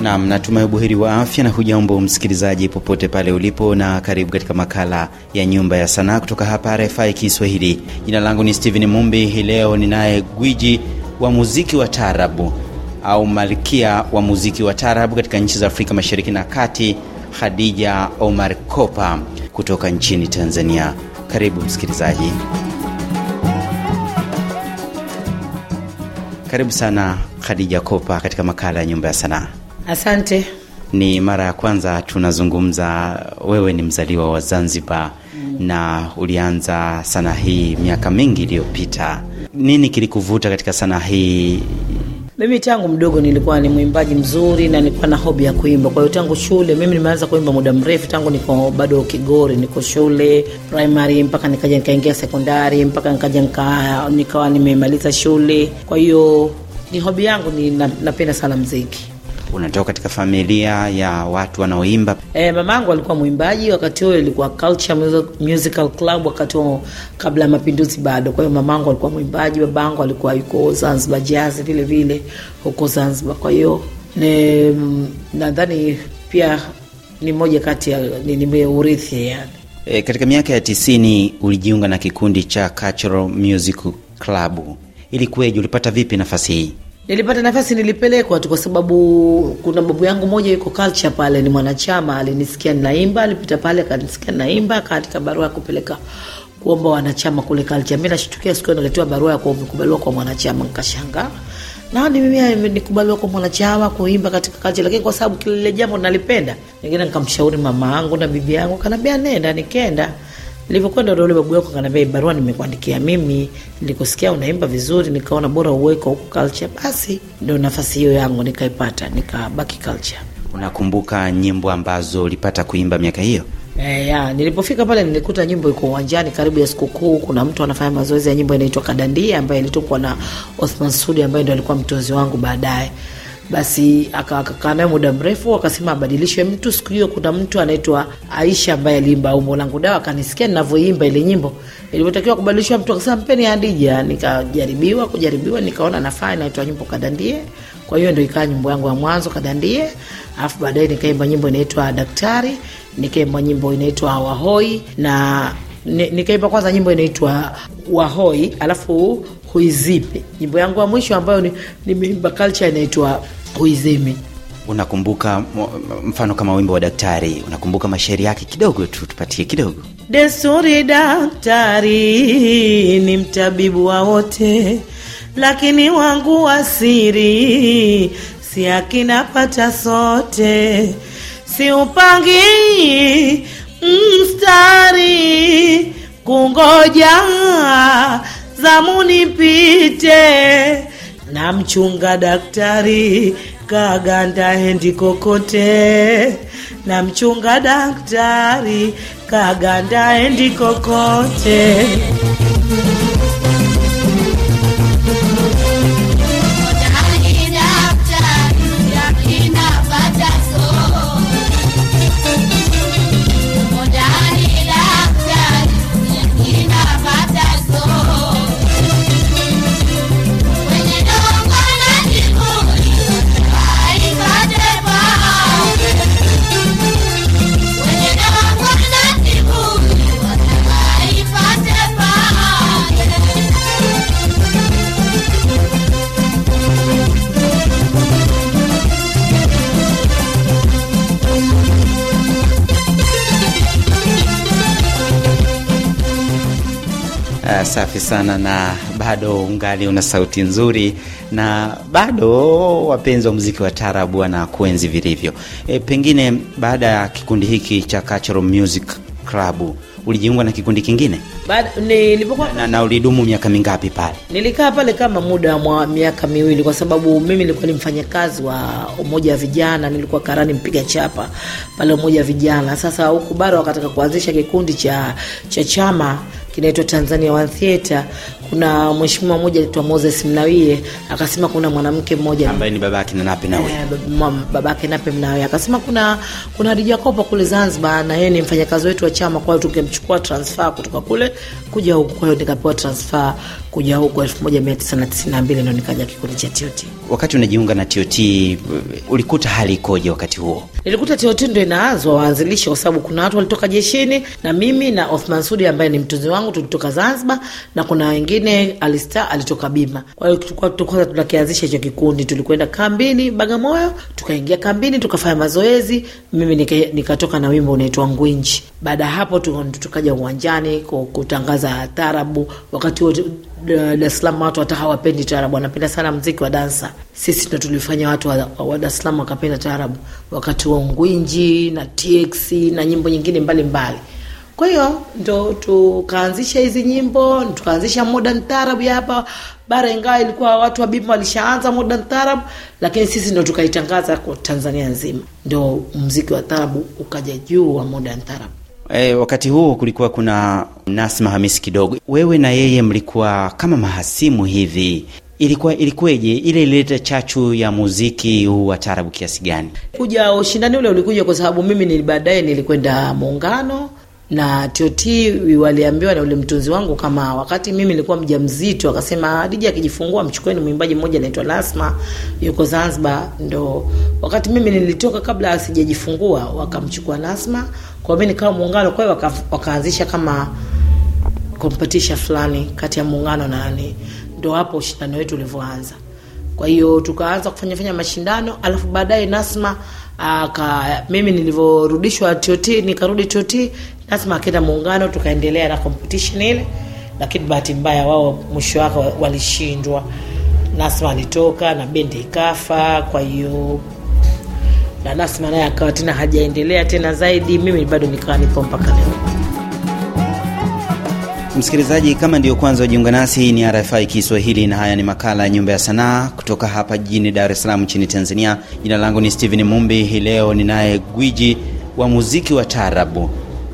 nam natumai ubuheri wa afya na hujambo msikilizaji popote pale ulipo, na karibu katika makala ya Nyumba ya Sanaa kutoka hapa RFI Kiswahili. Jina langu ni stephen Mumbi. Hii leo ninaye gwiji wa muziki wa taarabu au malkia wa muziki wa taarabu katika nchi za Afrika Mashariki na Kati, Khadija Omar Kopa kutoka nchini Tanzania. Karibu msikilizaji. Karibu sana Khadija Kopa katika makala ya Nyumba ya Sanaa. Asante. Ni mara ya kwanza tunazungumza. Wewe ni mzaliwa wa Zanzibar mm. na ulianza sanaa hii miaka mingi iliyopita. Nini kilikuvuta katika sanaa hii? Mimi tangu mdogo nilikuwa ni mwimbaji mzuri na nilikuwa na hobi ya kuimba. Kwa hiyo tangu shule mimi nimeanza kuimba muda mrefu, tangu niko bado Kigori, niko shule primary mpaka nikaja nikaingia sekondari mpaka nikaja nika, nikawa nimemaliza shule. Kwa hiyo ni hobi yangu, ni napenda sana mziki unatoka katika familia ya watu wanaoimba. E, mamangu alikuwa mwimbaji wakati huo, ilikuwa Culture Musical Club wakati huo, kabla ya mapinduzi bado. Kwa hiyo mamangu alikuwa mwimbaji, babangu alikuwa yuko Zanzibar Jazz vile vile huko Zanzibar. Kwa hiyo nadhani pia ni moja kati ya nimeurithi yani. E, katika miaka ya tisini ulijiunga na kikundi cha Cultural Music Club, ilikuwaje? Ulipata vipi nafasi hii? Nilipata nafasi, nilipelekwa tu kwa sababu kuna babu yangu moja yuko culture pale, ni mwanachama, alinisikia ninaimba, alipita pale akanisikia ninaimba, akaandika barua ya kupeleka kuomba wanachama kule culture. Mimi nashtukia siku naletewa barua ya kukubaliwa kwa mwanachama, nikashangaa ni mimi nikubaliwa kwa mwanachama kuimba katika culture lakini kwa sababu kile jambo nalipenda, ningine nikamshauri mama yangu na bibi yangu, kanambia nenda, nikenda Nilivyokwenda ule babu yako kaniambia, barua nimekuandikia mimi, nilikusikia unaimba vizuri, nikaona bora uweko huku culture. Basi ndio nafasi hiyo yangu nikaipata, nikabaki culture. Unakumbuka nyimbo ambazo ulipata kuimba miaka hiyo? Eh, ya, nilipofika pale nilikuta nyimbo iko uwanjani karibu ya sikukuu. Kuna mtu anafanya mazoezi ya nyimbo inaitwa Kadandia ambaye ilitokwa na Othman Sudi ambaye ndo alikuwa mtunzi wangu baadaye. Basi akakaa naye muda mrefu, akasema abadilishwe mtu. Siku hiyo kuna mtu anaitwa Aisha ambaye aliimba umbo langu dawa, akanisikia ninavyoimba ile nyimbo. Ilivyotakiwa kubadilishwa mtu, akasema mpeni Hadija. Nikajaribiwa kujaribiwa, nikaona nafaa, inaitwa nyimbo kadandie. Kwa hiyo ndo ikawa nyimbo yangu ya mwanzo kadandie, alafu baadaye nikaimba nyimbo inaitwa Daktari, nikaimba nyimbo inaitwa Wahoi na nikaimba kwanza nyimbo inaitwa Wahoi alafu Huizipe. Nyimbo yangu ya mwisho ambayo nimeimba ni culture inaitwa uizime unakumbuka mfano kama wimbo wa daktari unakumbuka mashairi yake kidogo tu tupatie kidogo desturi daktari ni mtabibu wa wote lakini wangu wasiri si akinapata sote siupangi mstari kungoja zamunipite namchunga daktari kaganda hendi kokote, namchunga daktari kaganda hendi kokote. sana, na bado ungali una sauti nzuri, na bado wapenzi wa muziki wa wana kuenzi vilivyo. E, pengine baada ya kikundi hiki cha Cultural Music Club ulijiunga na kikundi kingine nilipokuwa... na, na ulidumu miaka mingapi pale? Nilikaa pale kama muda wa miaka miwili, kwa sababu mimi nilikuwa ni mfanyakazi wa umoja wa vijana, nilikuwa karani mpiga chapa pale umoja wa vijana. Sasa huku bara wakataka kuanzisha kikundi cha cha chama kinaitwa Tanzania One Theatre kuna mheshimiwa mmoja aitwa Moses Mnawie akasema kuna mwanamke mmoja ambaye ni babake na Nape nawe eh, babake Nape mnawe akasema kuna kuna Hadija Kopa kule Zanzibar, na yeye ni mfanyakazi wetu wa chama, kwa hiyo tungemchukua transfer kutoka kule kuja huko Kwa hiyo nikapewa transfer kuja huko 1992 ndio nikaja kikundi cha TOT. Wakati unajiunga na TOT eh, ulikuta hali ikoje wakati huo? Nilikuta TOT ndio inaanzwa waanzilishi, kwa sababu kuna watu walitoka jeshini na mimi na Othman Sudi ambaye ni mtunzi wangu tulitoka Zanzibar na kuna wengine mwingine alista alitoka bima. Kwa hiyo tulikuwa kwanza tunakianzisha hicho kikundi, tulikwenda kambini Bagamoyo, tukaingia kambini tukafanya mazoezi, mimi nikatoka nika na wimbo unaitwa Ngwinji. Baada ya hapo tukaja uwanjani kutangaza tarabu Wakati huo Dar watu hata hawapendi tarabu wanapenda sana mziki wa dansa. Sisi ndo tulifanya watu wa, wa Dar wakapenda tarabu wakati wa Ngwinji na TX na nyimbo nyingine mbalimbali mbali. Kwa hiyo ndo tukaanzisha hizi nyimbo, tukaanzisha modern taarab hapa bara, ingawa ilikuwa watu wa Bima walishaanza modern taarab, lakini sisi ndo tukaitangaza kwa Tanzania nzima, ndo mziki wa taarabu ukaja juu wa modern taarab. E, eh, wakati huo kulikuwa kuna Nasma Hamisi kidogo, wewe na yeye mlikuwa kama mahasimu hivi, ilikuwa ilikuweje? Ile ilileta chachu ya muziki huu wa tarabu kiasi gani? Kuja ushindani ule ulikuja kwa sababu mimi baadaye nilikwenda Muungano na TOT waliambiwa na ule mtunzi wangu kama wakati mimi nilikuwa mjamzito, akasema Dija akijifungua mchukueni mwimbaji mmoja anaitwa Lasma, yuko Zanzibar. Ndo wakati mimi nilitoka, kabla asijajifungua wakamchukua Lasma, kwa mimi nikawa muungano. Kwa hiyo waka, wakaanzisha kama competition fulani kati ya muungano na nani, ndo hapo ushindano wetu ulivyoanza. Kwa hiyo tukaanza kufanya fanya mashindano, alafu baadaye Nasma aka mimi nilivyorudishwa TOT nikarudi TOT lazima akenda muungano, tukaendelea na competition ile, lakini bahati mbaya wao mwisho wake walishindwa. Nasma alitoka na bendi ikafa, kwa hiyo na Nasma naye akawa tena hajaendelea tena zaidi. Mimi bado nikawa nipo mpaka leo. Msikilizaji, kama ndiyo kwanza wajiunga nasi, hii ni RFI Kiswahili na haya ni makala ya Nyumba ya Sanaa kutoka hapa jijini Dar es Salaam nchini Tanzania. Jina langu ni stehen Mumbi. Hii leo ninaye gwiji wa muziki wa taarabu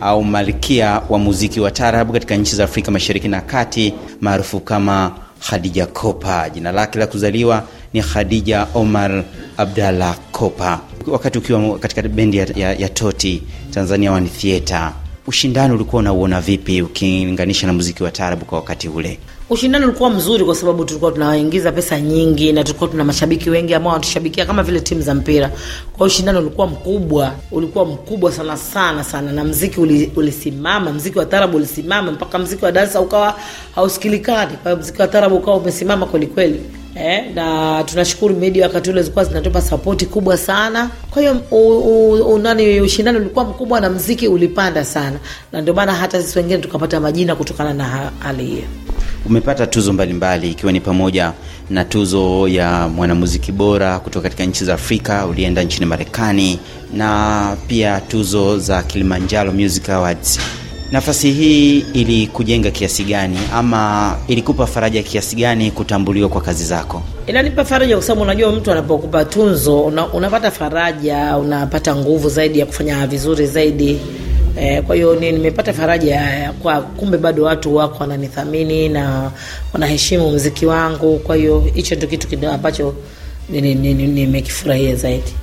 au malkia wa muziki wa tarabu katika nchi za Afrika Mashariki na Kati, maarufu kama Khadija Kopa. Jina lake la kuzaliwa ni Khadija Omar Abdallah Kopa. Wakati ukiwa katika bendi ya, ya, ya Toti Tanzania One Theatre ushindani ulikuwa unauona vipi ukilinganisha na muziki wa taarabu kwa wakati ule? Ushindani ulikuwa mzuri kwa sababu tulikuwa tunaingiza pesa nyingi na tulikuwa tuna mashabiki wengi ambao wanatushabikia kama vile timu za mpira. kwao ushindani ulikuwa mkubwa, ulikuwa mkubwa sana sana sana, na mziki ulisimama, mziki wa tarabu ulisimama mpaka mziki wa dansa ukawa hausikilikani. Kwa mziki wa tarabu ukawa umesimama kwelikweli eh, na tunashukuru media wakati ule zilikuwa zinatupa sapoti kubwa sana. Kwa hiyo nani, ushindani ulikuwa mkubwa na mziki ulipanda sana, na ndio maana hata sisi wengine tukapata majina kutokana na hali hiyo. Umepata tuzo mbalimbali ikiwa mbali, ni pamoja na tuzo ya mwanamuziki bora kutoka katika nchi za Afrika, ulienda nchini Marekani na pia tuzo za Kilimanjaro Music Awards Nafasi hii ilikujenga kiasi gani ama ilikupa faraja kiasi gani kutambuliwa kwa kazi zako? Inanipa faraja kwa sababu unajua mtu anapokupa tunzo una, unapata faraja, unapata nguvu zaidi ya kufanya vizuri zaidi. E, kwa hiyo nimepata faraja kwa kumbe bado watu wako wananithamini na wanaheshimu mziki wangu. Kwa hiyo hicho ndio kitu kidogo ambacho nimekifurahia zaidi.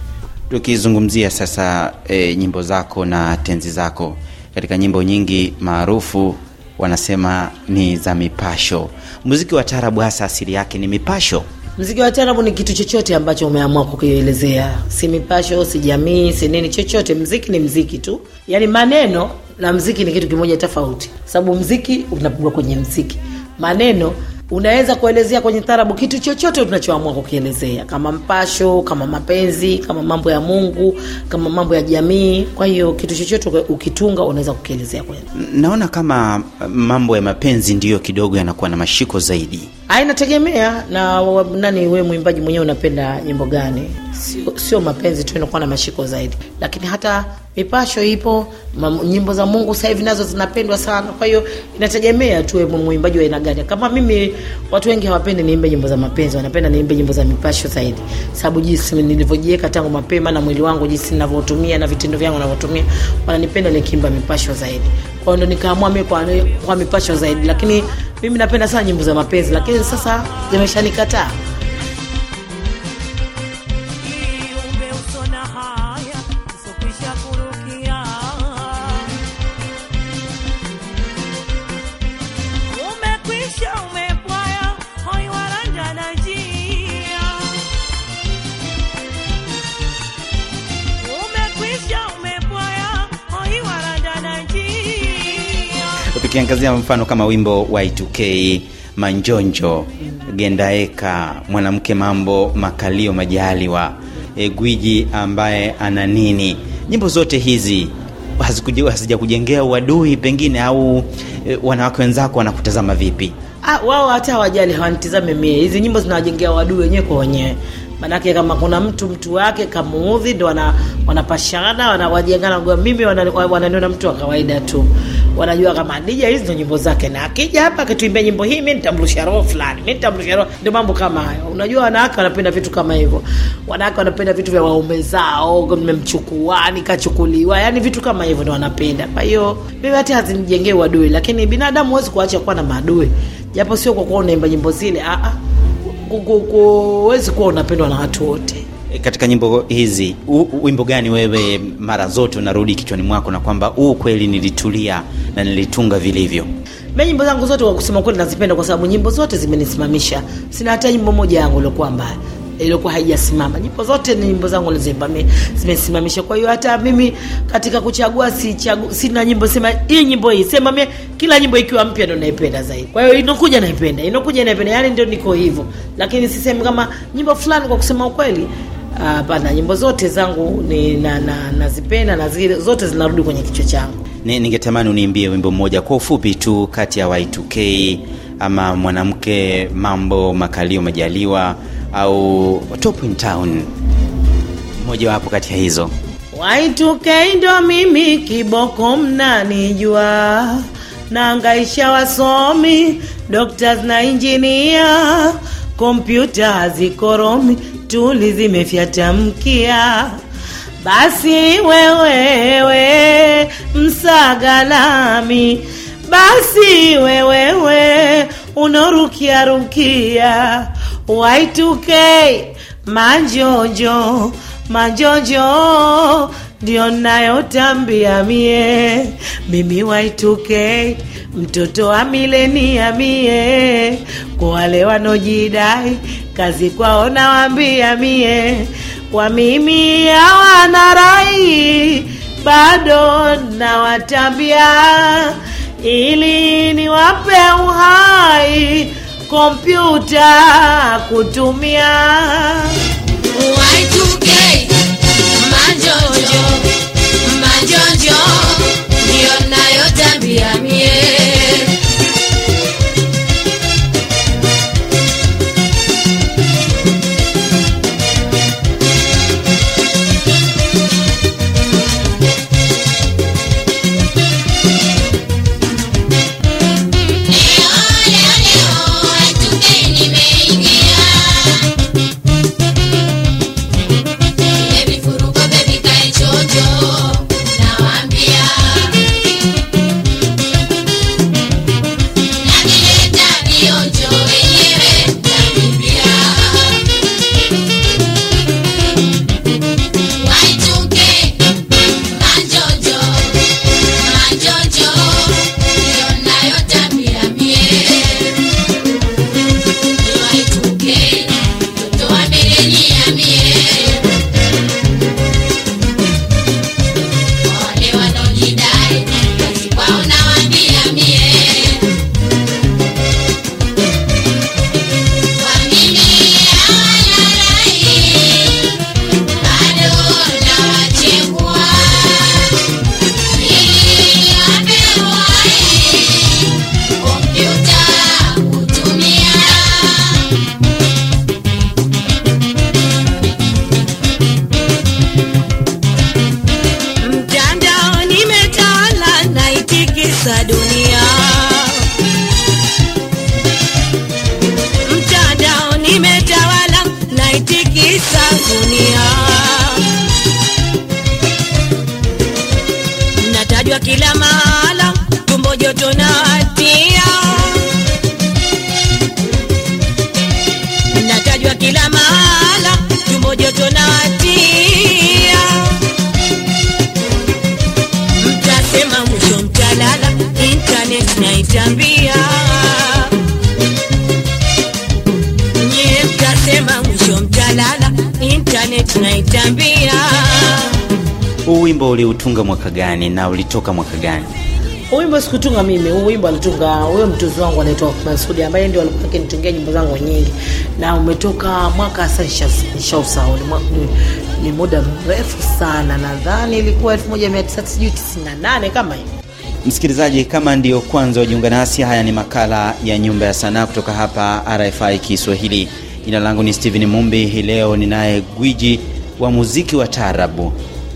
Tukizungumzia sasa e, nyimbo zako na tenzi zako katika nyimbo nyingi maarufu wanasema ni za mipasho. Muziki wa tarabu hasa asili yake ni mipasho. Mziki wa tarabu ni kitu chochote ambacho umeamua kukielezea, si mipasho, si jamii, si nini, chochote. Mziki ni mziki tu, yaani maneno na mziki ni kitu kimoja tofauti, sababu mziki unapigwa kwenye mziki, maneno unaweza kuelezea kwenye tarabu kitu chochote tunachoamua kukielezea, kama mpasho, kama mapenzi, kama mambo ya Mungu, kama mambo ya jamii. Kwa hiyo kitu chochote ukitunga unaweza kukielezea kwenye. Naona kama uh, mambo ya mapenzi ndiyo kidogo yanakuwa na mashiko zaidi. ainategemea na nani, we mwimbaji mwenyewe unapenda nyimbo gani? sio, sio mapenzi tu, inakuwa na mashiko zaidi. Lakini hata mipasho ipo, nyimbo za Mungu sasa hivi nazo zinapendwa sana. Kwa hiyo inategemea tu wewe mwimbaji wa aina gani. Kama mimi, watu wengi hawapendi niimbe nyimbo za mapenzi, wanapenda niimbe nyimbo za mipasho zaidi, sababu jinsi nilivyojiweka tangu mapema na mwili wangu jinsi ninavyotumia na vitendo vyangu ninavyotumia, wananipenda nikiimba mipasho zaidi. Kwa hiyo ndo nikaamua mimi kwa, kwa mipasho zaidi, lakini mimi napenda sana nyimbo za mapenzi, lakini sasa zimeshanikataa Ukiangazia mfano kama wimbo wa y Manjonjo, Gendaeka, Mwanamke Mambo, Makalio Majaliwa, e, gwiji ambaye ana nini, nyimbo zote hizi hazijakujengea uadui pengine au e, wanawake wenzako wanakutazama vipi? Ah, wao hata hawajali, hawanitizame mie. Hizi nyimbo zinawajengea wadui wenyewe kwa wenyewe Manake kama kuna mtu mtu wake kamuudhi, ndo wanapashana wana wanawajengana, mimi wananiona wana mtu wa kawaida tu wanajua kama Dija hizi ndo nyimbo zake, na akija hapa akituimbia nyimbo hii, mi nitamrusha roho fulani, mi nitamrusha roho. Ndio mambo kama hayo. Unajua wanawake wanapenda vitu kama hivyo, wanawake wanapenda vitu vya waume zao, nimemchukua nikachukuliwa, yani vitu kama hivyo ndo wanapenda. Kwa hiyo mimi hata hazinijengee uadui, lakini binadamu huwezi kuacha kuwa na maadui, japo sio kwa kuwa unaimba nyimbo zile, ah, ah, huwezi kuwa unapendwa na watu wote katika nyimbo hizi u, wimbo gani wewe mara zote unarudi kichwani mwako na kwamba huu kweli nilitulia na nilitunga vilivyo? Mi nyimbo zangu zote kwa kusema kweli nazipenda, kwa sababu nyimbo zote zimenisimamisha. Sina hata nyimbo moja yangu iliokuwa mbaya iliokuwa haijasimama. Nyimbo zote ni nyimbo zangu zimesimamisha. Kwa hiyo hata mimi katika kuchagua si chagu, sina nyimbo sema hii nyimbo hii sema mimi, kila nyimbo ikiwa mpya ndo naipenda zaidi. Kwa hiyo inokuja naipenda, inokuja naipenda, yani ndio niko hivyo, lakini sisemi kama nyimbo fulani. Kwa kusema ukweli, Hapana, nyimbo zote zangu nazipenda na, na, na, na zote zinarudi kwenye kichwa changu. Ningetamani uniimbie wimbo mmoja kwa ufupi tu kati ya Y2K ama mwanamke mambo makalio majaliwa au Top in Town, kati ya hizo. Y2K ndo mimi, kiboko mnanijua, nangaisha wasomi, doctors na injinia kompyuta hazikoromi, tuli zimefyata mkia. Basi wewewe msagalami, basi wewewe unorukiarukia Y2K majojo majojo ndio nayotambia mie mimi Y2K mtoto wa milenia mie kwa wale wanojidai kazi kwao, nawaambia mie, kwa mimi hawana rai, bado nawatambia ili niwape uhai, kompyuta kutumia y 2 tunaitambia. Huu wimbo uliutunga mwaka gani na ulitoka mwaka gani? Huu wimbo sikutunga mimi, huu wimbo alitunga huyo mtunzi wangu anaitwa Masudi ambaye ndio alikuwa akinitungia nyimbo zangu nyingi, na umetoka mwaka sasa nishausahau, ni, ni muda mrefu sana, nadhani ilikuwa 1998 kama hiyo. Msikilizaji, kama ndio kwanza wajiunga nasi, haya ni makala ya Nyumba ya Sanaa kutoka hapa RFI Kiswahili. Jina langu ni stehen Mumbi. Hii leo ninaye gwiji wa muziki wa taarabu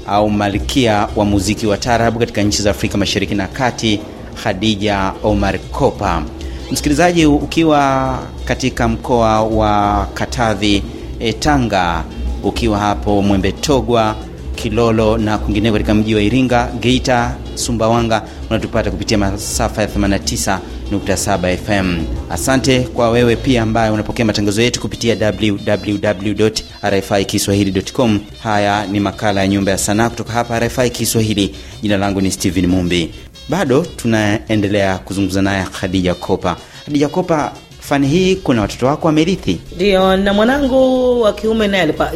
au malkia wa muziki wa taarabu katika nchi za Afrika Mashariki na Kati, Khadija Omar Kopa. Msikilizaji, ukiwa katika mkoa wa Katavi, eh, Tanga, ukiwa hapo Mwembe Togwa Kilolo na kwingineko katika mji wa Iringa, Geita, Sumbawanga. Unatupata kupitia masafa ya 89.7 FM. Asante kwa wewe pia ambaye unapokea matangazo yetu kupitia www.rfikiswahili.com. Haya ni makala ya Nyumba ya Sanaa kutoka hapa RFI Kiswahili. Jina langu ni Steven Mumbi. Bado tunaendelea kuzungumza naye Khadija Kopa. Khadija Kopa, fani hii, kuna watoto wako wamerithi? Ndio, na mwanangu wa kiume naye alikuwa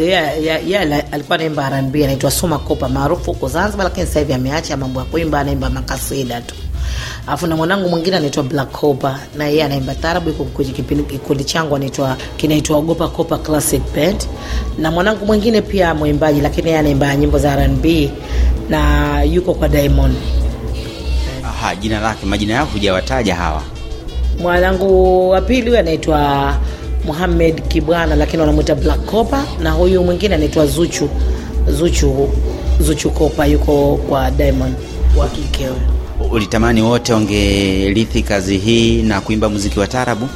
alikuwa anaimba R&B, anaitwa Soma Kopa, maarufu huko Zanzibar, lakini sasa hivi ameacha mambo ya kuimba, anaimba makasida tu. Alafu na mwanangu mwingine anaitwa Black Kopa, na yeye anaimba tarabu, iko kwenye kikundi changu anaitwa kinaitwa Ogopa copa Classic Band. Na mwanangu mwingine pia mwimbaji, lakini yeye anaimba nyimbo za rnb na yuko kwa Diamond. Aha, jina lake, majina yao hujawataja hawa Mwanangu wa pili huyu anaitwa Muhamed Kibwana, lakini wanamwita Black Kopa, na huyu mwingine anaitwa Zuchu Zuchu Zuchu Kopa, yuko kwa Diamond wa kike. Ulitamani wote wangerithi kazi hii na kuimba muziki wa tarabu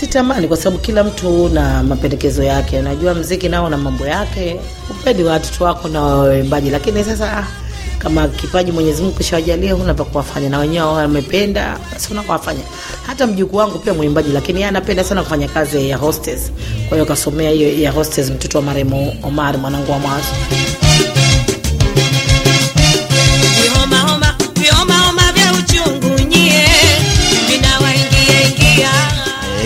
Sitamani, kwa sababu kila mtu na mapendekezo yake. Najua mziki nao na mambo yake, upendi wa watoto wako na waimbaji, lakini sasa ah, kama kipaji Mwenyezi Mungu kishawajalia, huna pa kuwafanya, na wenyewe wamependa, basi kuwafanya Hata mjukuu wangu pia mwimbaji, lakini yeye anapenda sana kufanya kazi ya hostess, kwa hiyo kasomea hiyo ya hostess, mtoto wa Maremo Omar, mwanangu wa mwazo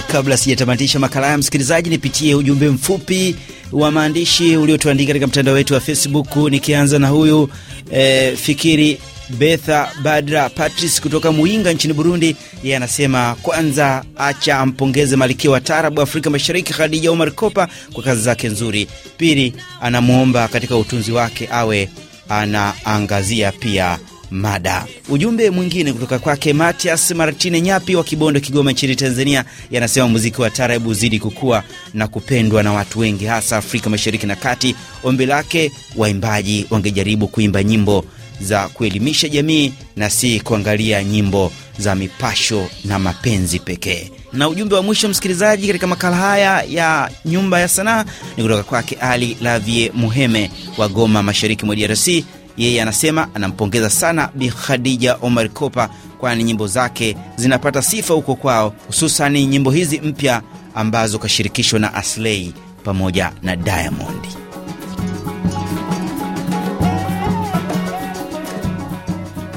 Kabla sijatamatisha makala haya, msikilizaji, nipitie ujumbe mfupi wa maandishi uliotuandika katika mtandao wetu wa Facebook, nikianza na huyu e, fikiri Betha Badra patris kutoka Muinga nchini Burundi. Yeye anasema kwanza, acha ampongeze malikia wa taarabu Afrika Mashariki Khadija Omar Kopa kwa kazi zake nzuri. Pili, anamwomba katika utunzi wake awe anaangazia pia mada. Ujumbe mwingine kutoka kwake Matias Martine Nyapi wa Kibondo, Kigoma nchini Tanzania, yanasema muziki wa tarabu uzidi kukua na kupendwa na watu wengi, hasa Afrika Mashariki na Kati. Ombi lake waimbaji wangejaribu kuimba nyimbo za kuelimisha jamii na si kuangalia nyimbo za mipasho na mapenzi pekee. Na ujumbe wa mwisho msikilizaji, katika makala haya ya nyumba ya sanaa ni kutoka kwake Ali Lavie Muheme wa Goma, mashariki mwa DRC yeye anasema anampongeza sana Bi Khadija Omar Kopa, kwani nyimbo zake zinapata sifa huko kwao, hususani nyimbo hizi mpya ambazo kashirikishwa na Aslei pamoja na Diamondi.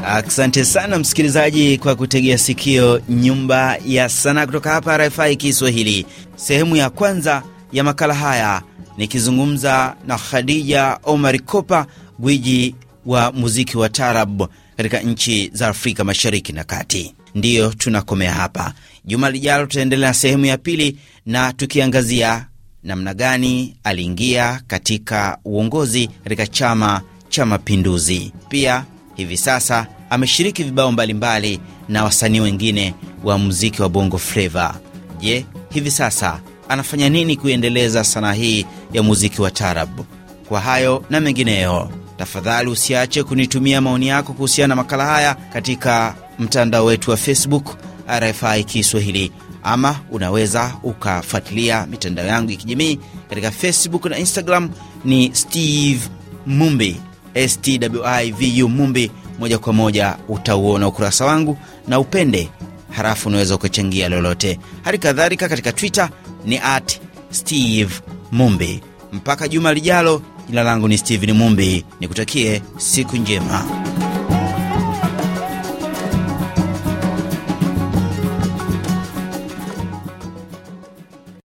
Asante sana msikilizaji kwa kutegea sikio Nyumba ya Sanaa kutoka hapa RFI Kiswahili, sehemu ya kwanza ya makala haya nikizungumza na Khadija Omar Kopa, gwiji wa muziki wa tarab katika nchi za Afrika Mashariki na Kati. Ndiyo tunakomea hapa. Juma lijalo tutaendelea na sehemu ya pili, na tukiangazia namna gani aliingia katika uongozi katika Chama cha Mapinduzi. Pia hivi sasa ameshiriki vibao mbalimbali na wasanii wengine wa muziki wa bongo fleva. Je, hivi sasa anafanya nini kuiendeleza sanaa hii ya muziki wa tarab? Kwa hayo na mengineyo Tafadhali usiache kunitumia maoni yako kuhusiana na makala haya katika mtandao wetu wa Facebook RFI Kiswahili, ama unaweza ukafuatilia mitandao yangu ya kijamii katika Facebook na Instagram ni Steve Mumbi Stwivu Mumbi. Moja kwa moja utauona ukurasa wangu na upende, harafu unaweza ukachangia lolote. Hali kadhalika katika Twitter ni at Steve Mumbi. Mpaka juma lijalo, Jina langu ni Steven Mumbi, nikutakie siku njema.